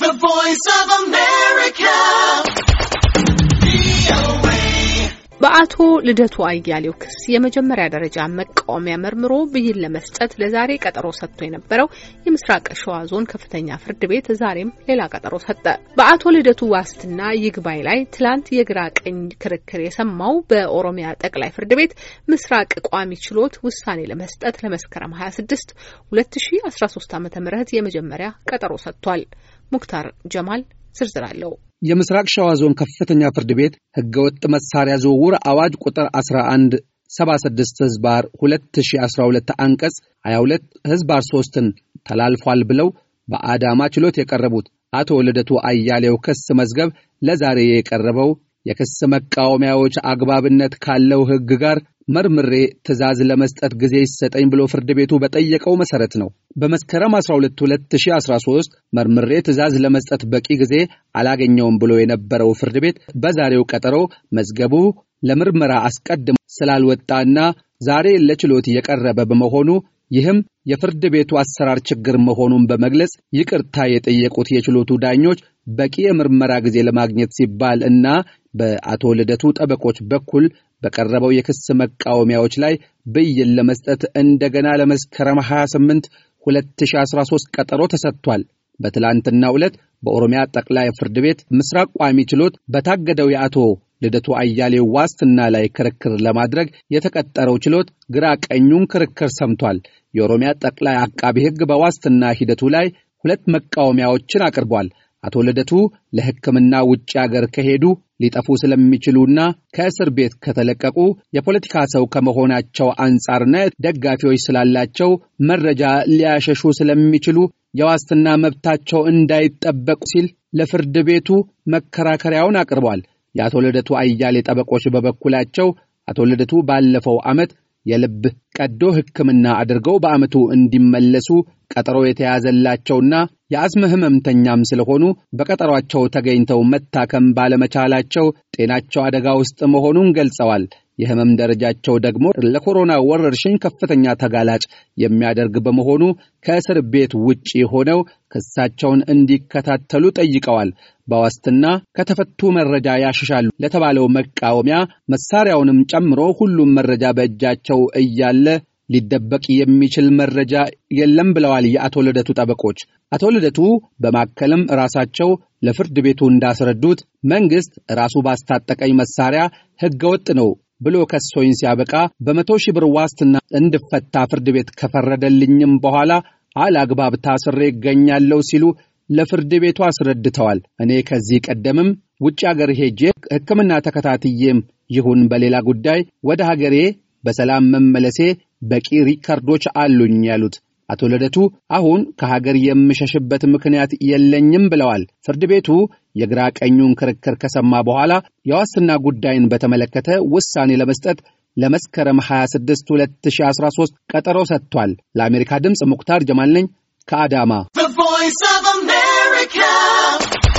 The Voice of America. በአቶ ልደቱ አያሌው ክስ የመጀመሪያ ደረጃ መቃወሚያ መርምሮ ብይን ለመስጠት ለዛሬ ቀጠሮ ሰጥቶ የነበረው የምስራቅ ሸዋ ዞን ከፍተኛ ፍርድ ቤት ዛሬም ሌላ ቀጠሮ ሰጠ። በአቶ ልደቱ ዋስትና ይግባይ ላይ ትላንት የግራ ቀኝ ክርክር የሰማው በኦሮሚያ ጠቅላይ ፍርድ ቤት ምስራቅ ቋሚ ችሎት ውሳኔ ለመስጠት ለመስከረም 26 2013 ዓ.ም የመጀመሪያ ቀጠሮ ሰጥቷል። ሙክታር ጀማል ዝርዝር አለው። የምስራቅ ሸዋ ዞን ከፍተኛ ፍርድ ቤት ህገወጥ መሳሪያ ዝውውር አዋጅ ቁጥር 11 76 ህዝባር 2012 አንቀጽ 22 ህዝባር 3ን ተላልፏል ብለው በአዳማ ችሎት የቀረቡት አቶ ልደቱ አያሌው ክስ መዝገብ ለዛሬ የቀረበው የክስ መቃወሚያዎች አግባብነት ካለው ህግ ጋር መርምሬ ትዕዛዝ ለመስጠት ጊዜ ይሰጠኝ ብሎ ፍርድ ቤቱ በጠየቀው መሰረት ነው። በመስከረም 12 2013 መርምሬ ትዕዛዝ ለመስጠት በቂ ጊዜ አላገኘውም ብሎ የነበረው ፍርድ ቤት በዛሬው ቀጠሮ መዝገቡ ለምርመራ አስቀድሞ ስላልወጣና ዛሬ ለችሎት የቀረበ በመሆኑ ይህም የፍርድ ቤቱ አሰራር ችግር መሆኑን በመግለጽ ይቅርታ የጠየቁት የችሎቱ ዳኞች በቂ የምርመራ ጊዜ ለማግኘት ሲባል እና በአቶ ልደቱ ጠበቆች በኩል በቀረበው የክስ መቃወሚያዎች ላይ ብይን ለመስጠት እንደገና ለመስከረም 28 2013 ቀጠሮ ተሰጥቷል። በትላንትናው ዕለት በኦሮሚያ ጠቅላይ ፍርድ ቤት ምስራቅ ቋሚ ችሎት በታገደው የአቶ ልደቱ አያሌው ዋስትና ላይ ክርክር ለማድረግ የተቀጠረው ችሎት ግራ ቀኙን ክርክር ሰምቷል። የኦሮሚያ ጠቅላይ አቃቢ ሕግ በዋስትና ሂደቱ ላይ ሁለት መቃወሚያዎችን አቅርቧል። አቶ ልደቱ ለሕክምና ውጭ አገር ከሄዱ ሊጠፉ ስለሚችሉና ከእስር ቤት ከተለቀቁ የፖለቲካ ሰው ከመሆናቸው አንጻርነት ደጋፊዎች ስላላቸው መረጃ ሊያሸሹ ስለሚችሉ የዋስትና መብታቸው እንዳይጠበቁ ሲል ለፍርድ ቤቱ መከራከሪያውን አቅርቧል። የአቶ ልደቱ አያሌ ጠበቆች በበኩላቸው አቶ ልደቱ ባለፈው ዓመት የልብ ቀዶ ሕክምና አድርገው በዓመቱ እንዲመለሱ ቀጠሮ የተያዘላቸውና የአስም ህመምተኛም ስለሆኑ በቀጠሯቸው ተገኝተው መታከም ባለመቻላቸው ጤናቸው አደጋ ውስጥ መሆኑን ገልጸዋል። የህመም ደረጃቸው ደግሞ ለኮሮና ወረርሽኝ ከፍተኛ ተጋላጭ የሚያደርግ በመሆኑ ከእስር ቤት ውጪ ሆነው ክሳቸውን እንዲከታተሉ ጠይቀዋል። በዋስትና ከተፈቱ መረጃ ያሽሻሉ ለተባለው መቃወሚያ መሳሪያውንም ጨምሮ ሁሉም መረጃ በእጃቸው እያለ ሊደበቅ የሚችል መረጃ የለም ብለዋል የአቶ ልደቱ ጠበቆች። አቶ ልደቱ በማከልም ራሳቸው ለፍርድ ቤቱ እንዳስረዱት መንግሥት ራሱ ባስታጠቀኝ መሳሪያ ሕገወጥ ነው ብሎ ከሶኝ ሲያበቃ በመቶ ሺህ ብር ዋስትና እንድፈታ ፍርድ ቤት ከፈረደልኝም በኋላ አላግባብ ታስሬ ይገኛለሁ ሲሉ ለፍርድ ቤቱ አስረድተዋል። እኔ ከዚህ ቀደምም ውጭ አገር ሄጄ ሕክምና ተከታትዬም ይሁን በሌላ ጉዳይ ወደ ሀገሬ በሰላም መመለሴ በቂ ሪከርዶች አሉኝ ያሉት አቶ ልደቱ አሁን ከሀገር የምሸሽበት ምክንያት የለኝም ብለዋል። ፍርድ ቤቱ የግራ ቀኙን ክርክር ከሰማ በኋላ የዋስና ጉዳይን በተመለከተ ውሳኔ ለመስጠት ለመስከረም 26 2013 ቀጠሮ ሰጥቷል። ለአሜሪካ ድምፅ ሙክታር ጀማል ነኝ ከአዳማ Voice of America